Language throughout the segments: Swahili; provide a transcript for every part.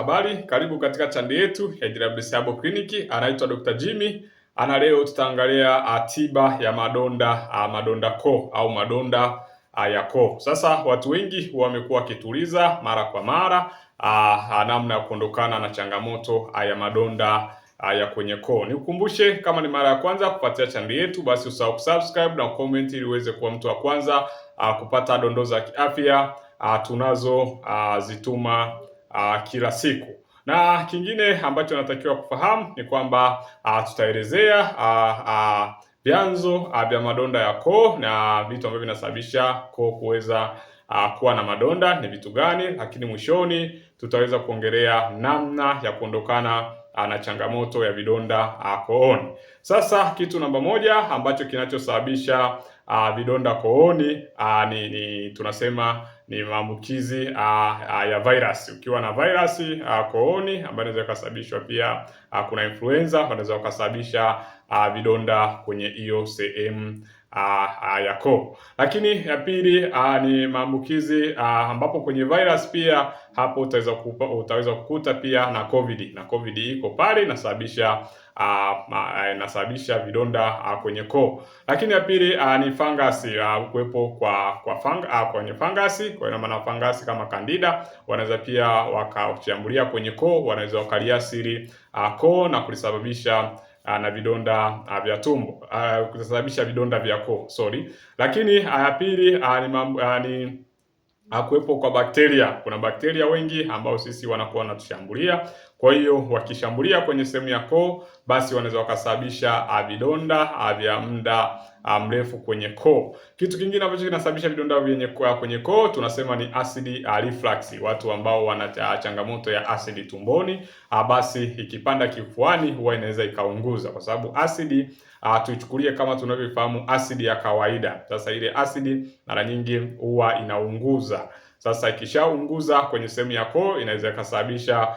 Habari, karibu katika chande yetu ya Jirabisi Herbal Clinic. Anaitwa Dr. Jimmy ana, leo tutaangalia ah, tiba ya madonda ah, madonda koo au madonda ah, ya koo. Sasa watu wengi wamekuwa wakituliza mara kwa mara namna ya kuondokana na changamoto ya madonda ya kwenye koo. Nikukumbushe, kama ni mara ya kwanza kupatia chaneli yetu, basi usahau kusubscribe na comment ili uweze kuwa mtu wa kwanza kupata dondoo za kiafya zituma uh, kila siku na kingine ambacho natakiwa kufahamu ni kwamba uh, tutaelezea uh, uh, vyanzo uh, vya madonda ya koo na vitu ambavyo vinasababisha koo kuweza uh, kuwa na madonda ni vitu gani, lakini mwishoni tutaweza kuongelea namna ya kuondokana uh, na changamoto ya vidonda uh, kooni. Sasa kitu namba moja ambacho kinachosababisha uh, vidonda kooni uh, ni, ni tunasema ni maambukizi ah, ah, ya virus. Ukiwa na virusi ah, kooni ambayo inaweza ikasababishwa pia a, kuna influenza ambayo inaweza ukasababisha vidonda kwenye hiyo sehemu ya koo. Lakini ya pili ni maambukizi ambapo kwenye virus pia hapo utaweza kupa, utaweza kukuta pia na COVID na COVID iko pale inasababisha inasababisha vidonda a, kwenye koo. Lakini ya pili ni fangasi kuwepo kwa kwa fang, a, kwenye fangasi kwa maana fangasi kama Candida wanaweza pia wakachambulia kwenye koo, wanaweza wakaliasiri koo na kulisababisha uh, na vidonda uh, vya tumbo uh, kusababisha vidonda vya koo sorry. Lakini uh, pili uh, ni, uh, ni kuwepo kwa bakteria. Kuna bakteria wengi ambao sisi wanakuwa wanatushambulia, kwa hiyo wakishambulia kwenye sehemu ya koo, basi wanaweza wakasababisha vidonda vya muda Uh, mrefu kwenye koo. Kitu kingine ambacho kinasababisha vidonda vyenye kwa uh, kwenye koo tunasema ni acid uh, reflux. Watu ambao wana changamoto ya acid tumboni, basi ikipanda kifuani huwa inaweza ikaunguza, kwa sababu acid Uh, tuichukulie kama tunavyofahamu asidi ya kawaida. Sasa ile asidi mara nyingi huwa inaunguza. Sasa ikishaunguza kwenye sehemu ya koo inaweza ikasababisha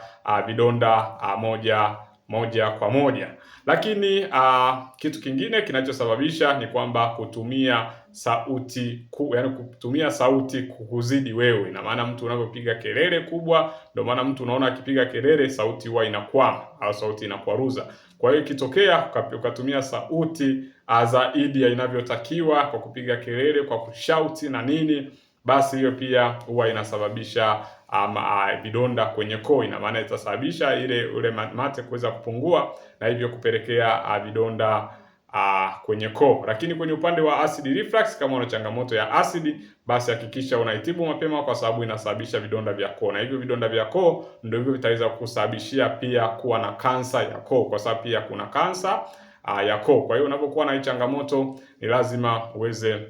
vidonda uh, moja moja kwa moja. Lakini uh, kitu kingine kinachosababisha ni kwamba kutumia sauti ku, yani kutumia sauti kukuzidi wewe. Ina maana mtu unapopiga kelele kubwa, ndio maana mtu unaona akipiga kelele sauti huwa inakwama au sauti inakwaruza. Kwa hiyo ikitokea ukatumia sauti ah, zaidi ya inavyotakiwa kwa kupiga kelele, kwa kushauti na nini basi hiyo pia huwa inasababisha um, uh, vidonda kwenye koo. Ina maana itasababisha ile ule mate kuweza kupungua na hivyo kupelekea uh, vidonda uh, kwenye koo. Lakini kwenye upande wa acid reflux, kama una changamoto ya asidi, basi hakikisha unaitibu mapema, kwa sababu inasababisha vidonda vya koo, na hivyo vidonda vya koo ndio hivyo vitaweza kusababishia pia kuwa na kansa ya koo, kwa sababu pia kuna kansa uh, ya koo. Kwa hiyo unapokuwa na hii changamoto, ni lazima uweze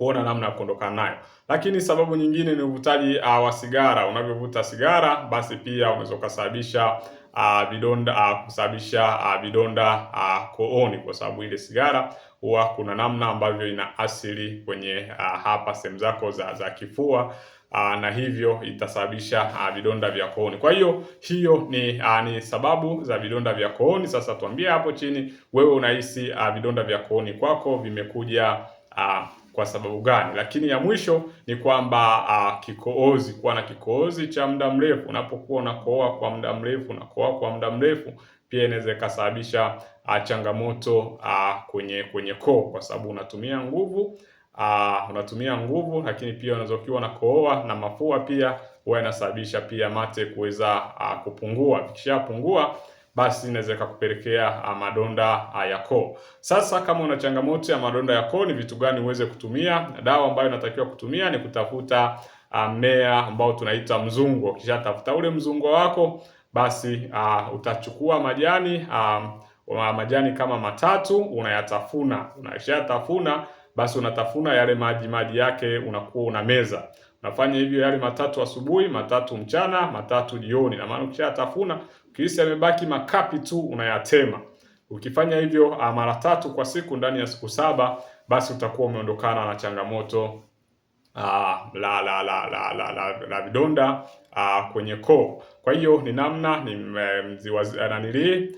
kuona namna ya kuondokana nayo. Lakini sababu nyingine ni uvutaji uh, wa sigara. Unavyovuta sigara, basi pia unaweza ukasababisha uh, vidonda uh, kusababisha uh, vidonda uh, kooni, kwa sababu ile sigara huwa kuna namna ambavyo ina asili kwenye uh, hapa sehemu zako za, za kifua Aa, na hivyo itasababisha vidonda vya kooni. Kwa hiyo hiyo ni, aa, ni sababu za vidonda vya kooni. Sasa tuambie hapo chini, wewe unahisi vidonda vya kooni kwako vimekuja uh, kwa sababu gani? Lakini ya mwisho ni kwamba uh, ah, kikohozi, kuwa na kikohozi cha muda mrefu. Unapokuwa unakohoa kwa muda mrefu, unakohoa kwa muda mrefu pia inaweza ikasababisha uh, changamoto uh, kwenye kwenye koo, kwa sababu unatumia nguvu uh, unatumia nguvu, lakini pia unaweza ukiwa kooa na mafua pia huwa inasababisha pia mate kuweza uh, kupungua. Ikishapungua basi inaweza ikakupelekea ah, madonda ah, ya koo. Sasa kama una changamoto ya madonda ya koo, ni vitu gani uweze kutumia? Dawa ambayo inatakiwa kutumia ni kutafuta ah, mmea ambao tunaita mzungu. Ukishatafuta ule mzungu wako, basi uh, utachukua majani uh, majani kama matatu unayatafuna. Unashatafuna basi unatafuna yale maji maji yake, unakuwa unameza. Nafanya hivyo yale matatu asubuhi, matatu mchana, matatu jioni. Na maana ukishatafuna, ukihisi yamebaki makapi tu unayatema. Ukifanya hivyo ah, mara tatu kwa siku ndani ya siku saba, basi utakuwa umeondokana na changamoto ah, la la la la la la vidonda ah, kwenye koo. Kwa hiyo ni namna ni eh, mziwa eh, nanili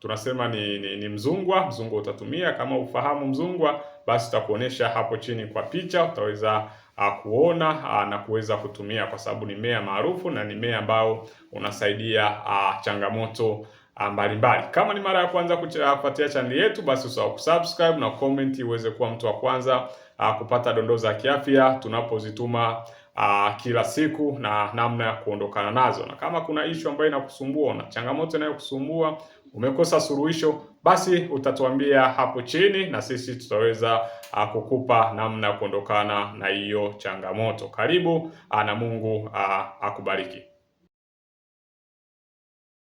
tunasema ni, ni, ni mzungwa. Mzungwa utatumia kama ufahamu mzungwa, basi tutakuonesha hapo chini kwa picha, utaweza a, ah, kuona a, ah, na kuweza kutumia, kwa sababu ni mmea maarufu na ni mmea ambao unasaidia a, ah, changamoto mbalimbali. Kama ni mara ya kwanza kufuatia chaneli yetu, basi usahau kusubscribe na comment uweze kuwa mtu wa kwanza a, kupata dondoo za kiafya tunapozituma Uh, kila siku na namna ya kuondokana nazo, na kama kuna issue ambayo inakusumbua na changamoto inayokusumbua Umekosa suluhisho, basi utatuambia hapo chini, na sisi tutaweza ah, kukupa namna ya kuondokana na hiyo changamoto. Karibu ah, na Mungu ah, akubariki.